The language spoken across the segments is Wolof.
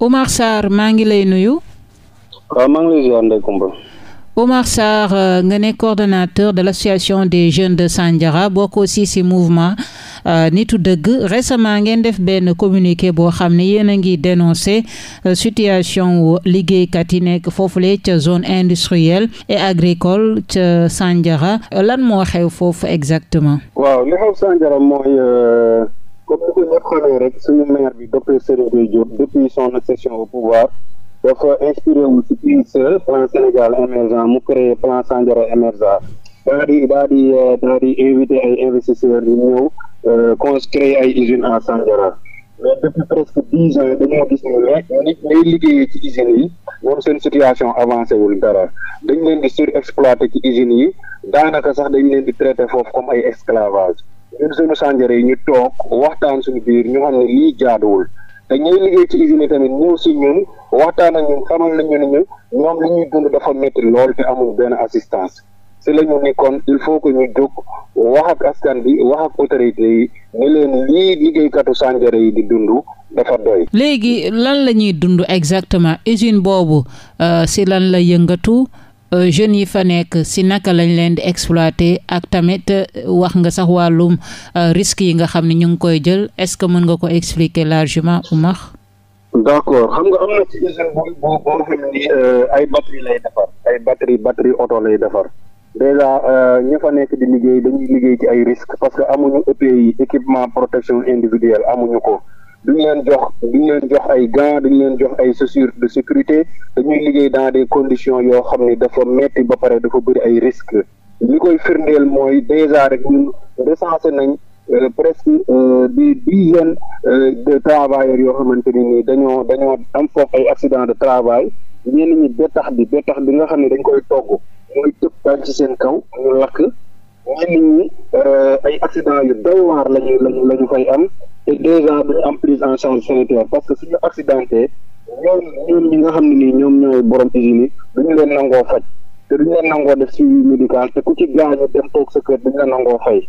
Omar Sarr maa ngi lay nuyu. waaw maa ngi lay ziar Ndeye Comba. Omar Sarr euh, nga ne coordonnateur de l'association des jeunes de Sandiara bokk aussi ci mouvement euh, nitu dëgg récemment ngeen def benn communiqué boo xam ne yéen a ngi dénoncer euh, situation wu liggéeykat yi nekk foofule ca zone industrielle et agricole ca sanjara lan moo xew foofu exactement. waaw li xew Sandiara mooy. comme ni ko rek suñu maire bi docteur Serigne Gueye Diop depuis son accession au pouvoir dafa inspiré ci plan Sénégal émergent mu créé plan Sandiara émergent daa di daa euh, invité ay investisseurs yu ñëw euh, construire ay usines à Sandiara mais depuis presque dix ans dañoo gis ni nekk nit ci usines yi moom seen situation avancé wul dara dañ leen di surexploité ci usines yi daanaka sax dañ leen di traité foofu comme ay esclavage ñun suñu sànjare yi ñu toog waxtaan suñu biir ñu xam ne lii jaaduwul te ñooy liggéey ci usine yi tamit ñëw si ñun waxtaan ak ñun xamal nañu ne ñu ñoom li ñuy dund dafa métti lool te amul benn assistance si la ñu ni kon il faut que ñu jóg wax ak askan bi wax ak autorité yi ni leen lii liggéeykatu sànjare yi di dund dafa doy. léegi lan la ñuy dund exactement usine boobu euh, si lan la yëngatu. Euh, jeunes yi fa nekk si naka lañ leen di exploiter ak tamit euh, wax nga sax wàllum euh, risques yi nga xam ne ñu ngi koy jël est-ce que mën nga ko expliquer largement Oumar d'accord xam nga am na ci usine bu bu boo xam ay batterie lay defar ay batterie batterie oto lay defar déjà ñi nekk di liggéey dañuy liggéey ci ay risques parce que amuñu EPI équipement protection individuelle amuñu ko duñ leen jox duñ leen jox ay gants duñ leen jox ay chaussures de sécurité dañuy liggéey dans des conditions yoo xam ni dafa metti ba pare dafa bëri ay risques li koy firndeel mooy déjà rek ñun recensé nañ euh, presque euh, di dizaines euh, de travailleurs yoo xamante ni nii dañoo dañoo am foofu ay accident de travail ñenn ñi bettax bi bettax bi nga xam ne dañ koy togg mooy tëb daan ci seen kaw ñu lakk ñenn ñi ay accident yu doy waar lañu lañu fay am te dèjà du am prise en charge sanitaire parce que suñu accidenté ñoom ñi nga xam ne nii ñoom ñooy borom usines yi duñu leen nangoo faj te duñu leen nangoo def suivi médical te ku ci gaañu dem toog sa kër duñu la nangoo fay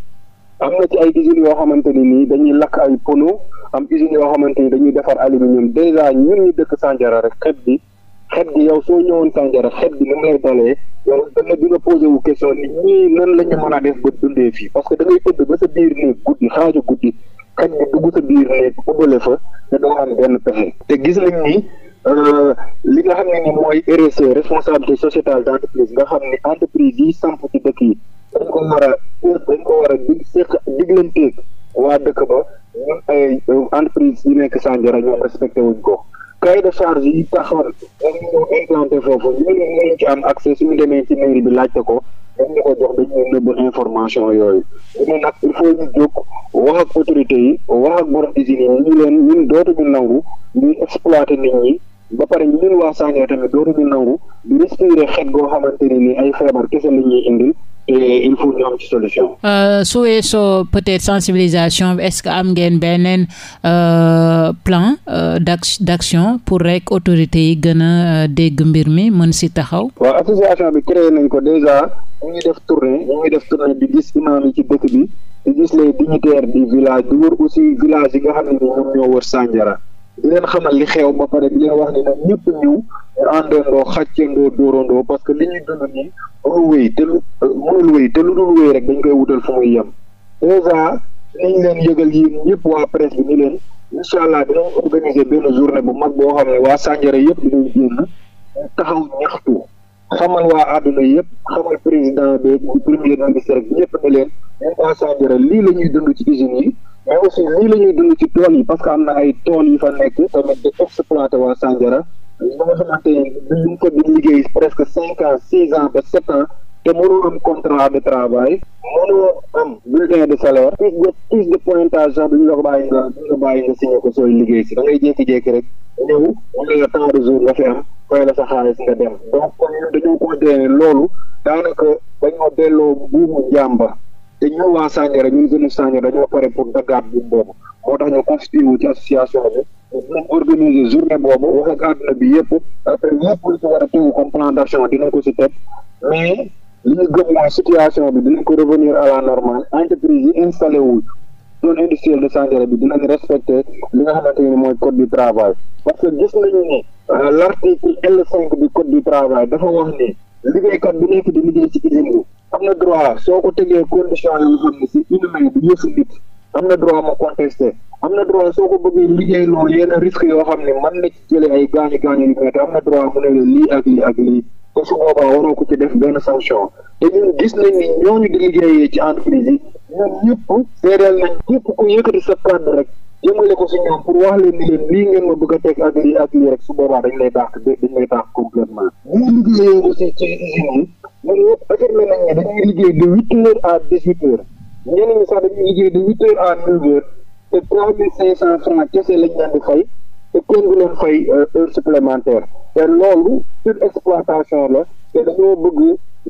am na ci ay usines yoo xamante ni nii dañuy lakk ay pono am usines yoo xamante ni dañuy defar aluminium dèjà ñun ñi dëkk Sandiara rek xet bi xet gi yow soo ñëwoon Sandiara xet bi ni mu lay dalee yow dana dina posé wu question ni ñii nan la a def ba fii parce que da ngay sa biir néeg xaj bi dugg sa biir léegi ubbale fa te doo am benn pexe te gis nañ nii euh, li nga xam ne ni mooy RSE responsabilité sociétale d' entreprise nga xam ni entreprise yi samp ci dëkk yi dañ ko war dañ ko war a dig seq diglanteeg waa dëkk ba ñun ay euh, entreprise yi nekk Sandiara ñoom respecté wuñ ko cahier de charge yi taxawal dañ ñu implanté foofu ñun mënuñ ci am accès suñu demee ci mairie bi laajte ko dañ la ko jox dañuy nëbb information yooyu ñu nag il faut ñu jóg wax ak autorités yi wax ak borom usines yi ñu leen ñun dootuñu nangu ñuy exploiter nit ñi ba pare ñun waa Sandiara tamit dootuñu nangu di respirer xet goo xamante ni nii ay feebar kese la ñuy indil et il faut ñu ci solution. Euh, su weesoo peut-être sensibilisation est-ce que am ngeen beneen euh, plan euh, d'action pour rek autorités yi gën a dégg mbir mi mën si taxaw. waaw association bi créé nañ ko déjà ñu ngi def tournée ñu def tournée di gis imam yi ci dëkk bi di gis les dignitaires du village di wër aussi village yi nga xam ne ñoom ñoo wër Sandiara leen xamal li xew ba pare di leen wax ne nag ñëpp àndandoo xàccandoo dóorandoo parce que li ñuy dund nii te lu mënul wéy te lu dul wéy rek dañ koy wutal fu muy yem dèjà nañ leen yëgal yéen ñëpp waa presse bi ni leen incha allah dinañ organiser benn journée bu mag boo xam ne waa Sandiara yëpp dinañ génn taxaw ñaxtu xamal waa àdduna yëpp xamal président bi premier ministre bi ñëpp ne leen ñun waa Sandiara lii la ñuy dund ci usines yi mais aussi lii la ñuy dund ci tool yi parce que am na ay tool yi fa nekk tamit di exploité waa ba nga xamante ni ñu ngi ko di liggéey presque cinq ans six ans ba sept ans te mënoo am contrat de travail mënoo am bulletin de salaire plus de pointage sax duñu la ko bàyyi nga duñu nga ko sooy liggéey si da jékki-jékki rek ñëw wala nga temps de jour nga fi am fay la sa xaalis nga dem donc kon ñun dañoo considéré loolu daanaka dañoo delloo buumu njàmba te ñun waa Sandiara ñun jeune Sandiara dañoo pare pour daggaat buum boobu moo tax ñu constitué ci association moom organiser journée boobu wax ak àdduna bi yëpp après yëpp war a tegu comme plan d'action ko si teg mais li ñu gëm mooy situation bi dinañ ko revenir à la normale entreprise yi installé wu zone industrielle de Sandiara bi dinañ respecter li nga xamante ni mooy code du travail parce que gis nañu ni euh, l'article L5 du code du travail dafa wax ni liggéeykat bu nekk di liggéey ci usine bi am na droit soo ko tegee condition yoo xam ne am na droit ma contester am na droit soo ko bëggee liggéey loolu yenn risques yoo xam ne mën na ci ay gaañu gaañu yu métti am na droit mu ne la lii ak lii ak lii te su boobaa waroo ko ci def benn sanction te ñun gis nañ ni ñooñu di liggéeyee ci entreprise yi ñoom ñëpp seedeel nañ képp ku yëkkati sa kàddu rek jëmale ko si ñoom pour wax leen ni leen lii ngeen ma bëgg a teg ak lii ak lii rek su boobaa dañ lay dàq dañ lay dàq complètement ñu liggéeyee aussi ci usine yi ñun ñëpp affirmé nañ ne dañuy liggéey ñeneen yi sax dañuy liggéey de huit heures à neuf te trois mille cinq cent francs kese lañ leen di fay te kenn du leen fay euh, heure supplémentaire te loolu sur te dañoo bëgg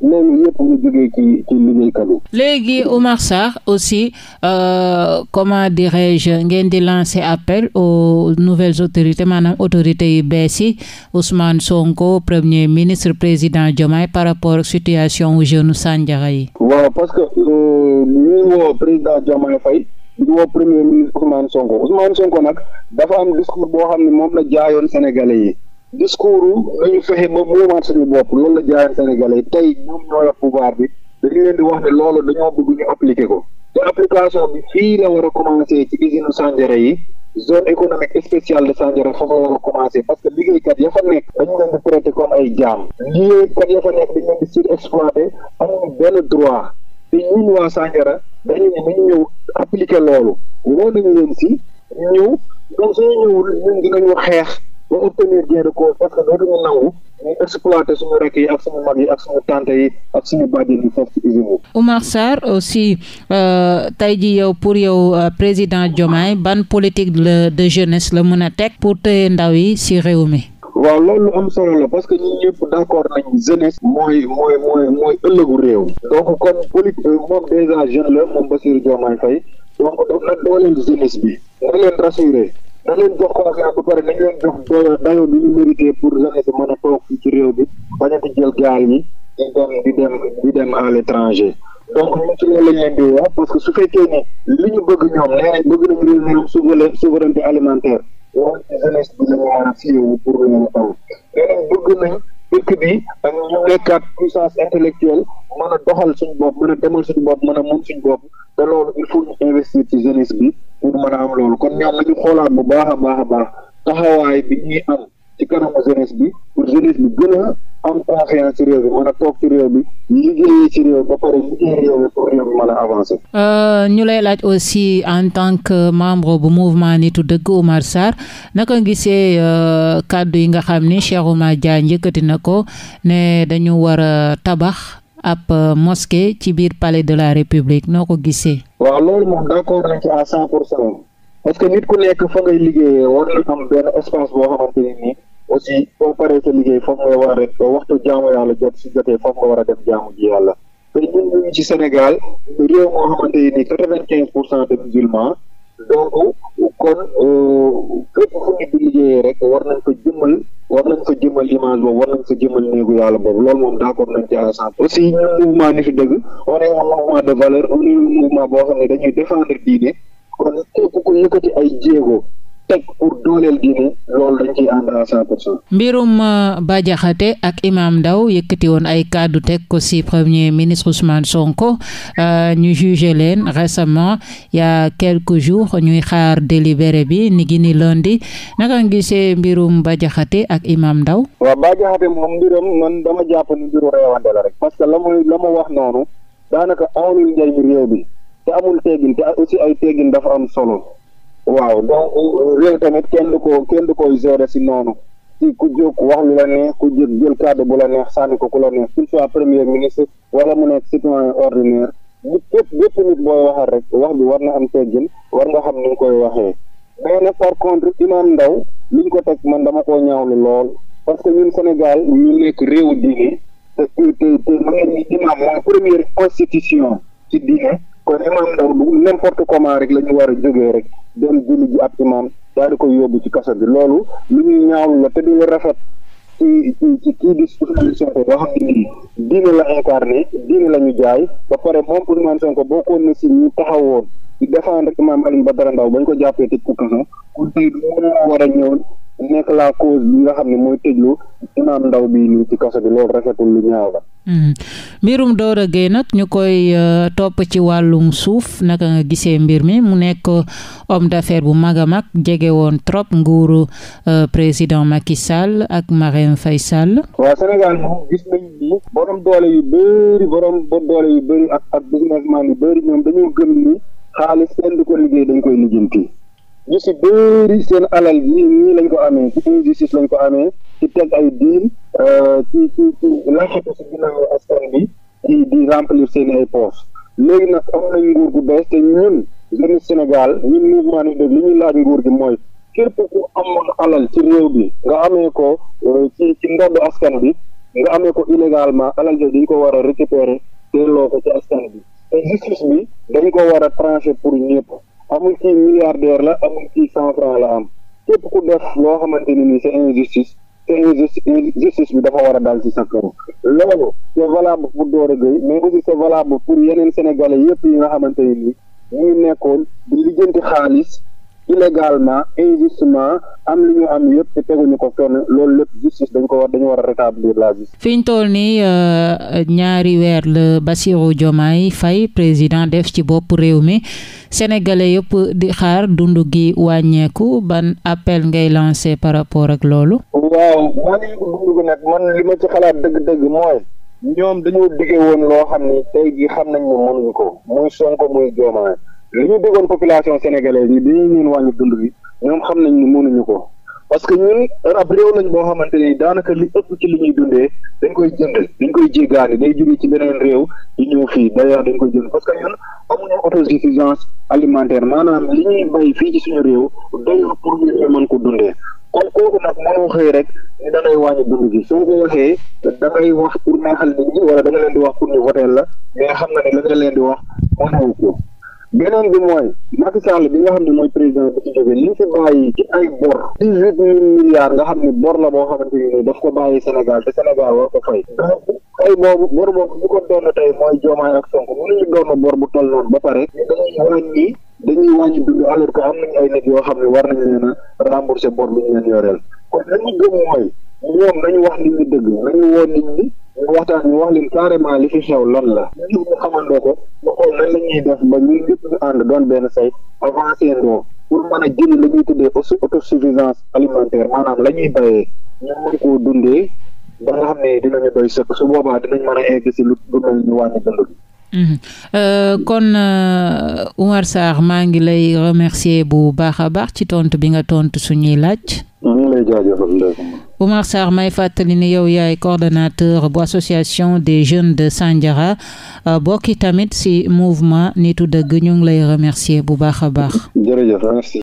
nañu yëpp ñu jógee ci ci liggéeykat léegi Oumar Sarr aussi euh, comment dirais ngeen di lancer appel aux nouvelles autorités maanaam autorité yi bees yi Ousmane Sonko premier ministre président Diomaye par rapport situation wu jeune Sandiara yi. waaw parce que euh, ñuy woo président Diomaye Faye di woo premier ministre Ousmane Sonko Ousmane Sonko nag dafa am discours boo xam ne moom la jaayoon sénégalais yi. discours nañu fexe ba moomaat suñu bopp loolu la jaayeen sénégalais tey ñoom ñoo yor pouvoir bi dañu leen di wax ne loolu dañoo bëgg ñu appliquer ko te application bi fii la war a commencé ci usine Sandiara yi zone économique spéciale de Sandiara foofu la war a commencé parce que liggéeykat ya fa nekk dañu leen di traité comme ay jaam liggéeykat ya fa nekk dañu leen di surexploité amuñu benn droit te ñun waa Sandiara dañu ne nañu ñëw si ñëw donc suñu xeex boo obtenir gain de parce que dootuñu nangu ñu exploiter suñu rek yi ak suñu mag yi ak suñu tante yi ak suñu bàjjen yi foofu ci usine Oumar Sarr aussi euh, tey ji yow pour yow euh, président Diomaye ban politique la de jeunesse la mën a teg pour téye ndaw yi ci réew mi. waaw loolu am solo la parce que ñun ñëpp d' accord nañ jeunesse mooy mooy ëllëgu réew donc kon politique euh, moom déjà jeune la moom Bassirou Diomaye Faye donc daf na jeunesse bi na leen rassurer na leen jox confiance bu pare nañ jox dayoo bi ñu mérité pour jeunesse mën a toog ci réew bi bañ a di jël gaal yi di dem di dem di étranger donc ñun ci loolu lañ leen parce que su fekkee ni ñu bëgg ñoom nee nañ bëgg nañ réew ñoom souveraineté souveraineté alimentaire a fiyewu pour bëgg nañ nekkaat puissance intellectuelle mën a doxal suñu bopp mën a demal suñu bopp mën a mun suñu bopp te loolu il faut ñu investir ci jeunesse bi pour mën a am loolu kon ñoom nañu xoolaat bu baax a baax a baax taxawaay bi ñuy am ci kanamu jeunesse bi pour jeunesse bi gën am confiance ci réew bi mën a toog ci réew bi liggéey a avancer. Euh, ñu lay laaj aussi en tant que membre bu mouvement nitu dëgg Oumar Sarr naka gisee euh, kàddu yi nga xam ni Cheikh Oumar Diagne yëkkati na ko ne dañu war a tabax ab euh, mosquée ci biir palais de la république noo ko gisee. waaw loolu moom d'accord nañ ci à cent pour cent parce que nit ku nekk fa ngay liggéeyee war am benn espace boo xamante ne nii aussi boo paree sa liggéey foofu nga war a rek waxtu jaamu yàlla jot si jotee foofu nga war a dem jaamu ji yàlla te ñun ñu ngi ci Sénégal réew moo xamante nii pour cent de musulmans. donc kon fépp fu nit di liggéeyee rek war nañ ko jëmmal war nañ ko jëmmal image boobu war nañ ko jëmmal néegu yàlla boobu loolu moom d'accord nañ ci à cent aussi ñun mouvement ni fi dëgg on est un de valeur on est un mouvement boo xam ne dañuy défendre diine kon képp ku yëkkati ay jéego teg pour dooleel diine loolu dañ ànd à cent pour cent mbirum euh, Bah ak Imam Ndao yëkkati woon ay kàddu teg ko ci premier ministre Sonko euh, ñu jugé leen récemment il y a quelques ñuy xaar délibéré bi ni gi ni lundi naka nga mbirum Bah Diakhaté ak Imam Ndao waaw Bah moom mbiram man dama jàpp ni mbiru reewande la rek parce la muy la mu wax noonu daanaka awlul njëriñ réew bi te amul teggin te am solo waaw donc réew tamit kenn du ko kenn du koy gérer si noonu si ku jóg wax lu la neex ku jóg jël kàddu bu la neex sànni ko ku la neex qu'il soit premier ministre wala mu nekk citoyen ordinaire bu képp bépp nit booy waxal rek wax bi war na am teggin war nga xam ni nga koy waxee mais nag par contre Imam Ndao li ñu ko teg man dama koo ñaawlu lool parce que ñun Sénégal ñu nekk réewu diine te te te ma ngeen ni imam mooy première constitution ci diine kon imam Ndao du n'importe comment rek lañu war a jógee rek dem julli ji ab imam daal koy yóbbu ci kaso bi loolu lu ñuy ñaawlu la te du lu rafet ci ci ci kii di Ousmane Sonko boo xam ne nii diine la incarné diine la ñu jaay ba pare moom Ousmane Sonko bokkoon na si ñu taxawoon di défendre imam ba Badara ndaw bañ ko jàppee tëj ko kaso kon tey du mën a war a ñëw nekk la cause bi nga xam ne mooy tëjlu ñu naan ndaw bi nii ci kaso bi loolu rafetul lu ñaaw la. Hmm. mbirum Doro Gueye nag ñu koy euh, topp ci wàllum suuf naka nga gisee mbir mi mu nekk homme d'affaires bu mag a mag jege woon trop nguuru euh, président Macky Sall ak Marème Faye Sall. waaw moom gis nañu ni borom doole yu bëri borom doole yu bëri ak ak businessman yu bëri ñoom dañoo gëm ni xaalis kenn du ko liggéey dañ koy lijjanti. ñu si bëri seen alal bi nii lañ ko amee ci injustice lañ ko amee ci teg ay diil euh, ci ci ci làqatu si ginnaaw askan bi di remplir seen ay poches léegi nag am nañ nguur gu bees te ñun jeune Sénégal ñun mouvement ni dëgg li ñuy laaj nguur gi mooy képp ku amoon alal ci réew bi nga amee ko euh, ci ci ndodd askan bi nga amee ko illégalement alal jooju dañ ko war a récupérer ko ci askan bi te justice bi dañ ko war a trancher pour ñëpp amul kii milliardaire la amul kii cent franc la am képp ku def loo xamante ni nii c'est injustice te injustice bi dafa war a dal ci sa kaw loolu c'est bu pour a Gueye mais aussi c'est valable pour yeneen sénégalais yëpp yi nga xamante ni nii ñu ngi nekkoon di lijjanti xaalis illégalement injustement am li ñu am yëpp teguñu ko fenn loolu lépp justice dañ ko war dañu war a rétablir la justice. ñu toll nii euh, ñaari weer la jomaa Diomaye fay président def ci bopp réew mi sénégalais yëpp di xaar dund gi wàññeeku ban appel ngay lancé par rapport ak loolu. waaw wàññi dund gi nag man li ma ci xalaat dëgg-dëgg mooy. ñoom dañoo digge woon loo xam ni tey jii xam nañ mënuñu ko muy Sonko muy Diomaye. li ñu déggoon population sénégalaise ñu dañuy ñun wàññi dund bi ñoom xam nañ ni mënuñu ko parce que ñun ab réew lañ boo xamante ni daanaka li ëpp ci li ñuy dundee dañ koy jënd dañ koy jéggaani day jóge ci beneen réew di ñëw fii d'ailleurs dañ koy jënd parce que ñun amuñu autosuffisance alimentaire maanaam li ñuy bay fii ci suñu réew doyul pour ñu mën ko dundee kon kooku nag mënoo xëy rek ni da ngay wàññi dund gi soo ko waxee da ngay wax pour neexal nit ñi wala da nga leen di wax pour ñu la xam nga ne la nga leen di wax mënoo ko beneen bi mooy Macky Sall bi nga xam ne mooy président bi ci jóge li fi bàyyi ci ay bor dix huit milliards nga xam ne bor la boo xamante ni daf ko bàyyi Sénégal te Sénégal war ko fay ay boobu boobu bu ko doon tey mooy Diomaye ak Sonko mënuñu doon bor bu toll noonu ba pare dañuy wàññi dañuy wàññi dund alors que am nañu ay nit yoo xam ne war nañ leen a rembourser bor bi ñu leen yoreel kon lañu gëm mooy ñoom nañu wax nit ñi dëgg nañu woon waxtaan ñu wax leen carrément li fi xew lan la ñu xamandoo ko ñu xool nan la ñuy def ba ñun ñëpp ànd doon benn say avancé ndoo pour mën a jëli la ñuy tuddee autosuffisance alimentaire maanaam la ñuy béyee ñu mën koo dundee ba nga xam ne dinañu doy sëkk su boobaa dinañ mën a egg si lu lu mel ni Mhm. Euh, kon euh, Oumar Sarr maa ngi lay remercier bu baax a baax ci tontu bi nga tontu suñuy laaj. Oumar Sarr may fàttali ni yow yaay coordonnateur bu association des jeunes de Sandiara euh, bokki tamit ci mouvement nitu dëgg ñu ngi lay remercier bu baax a baax.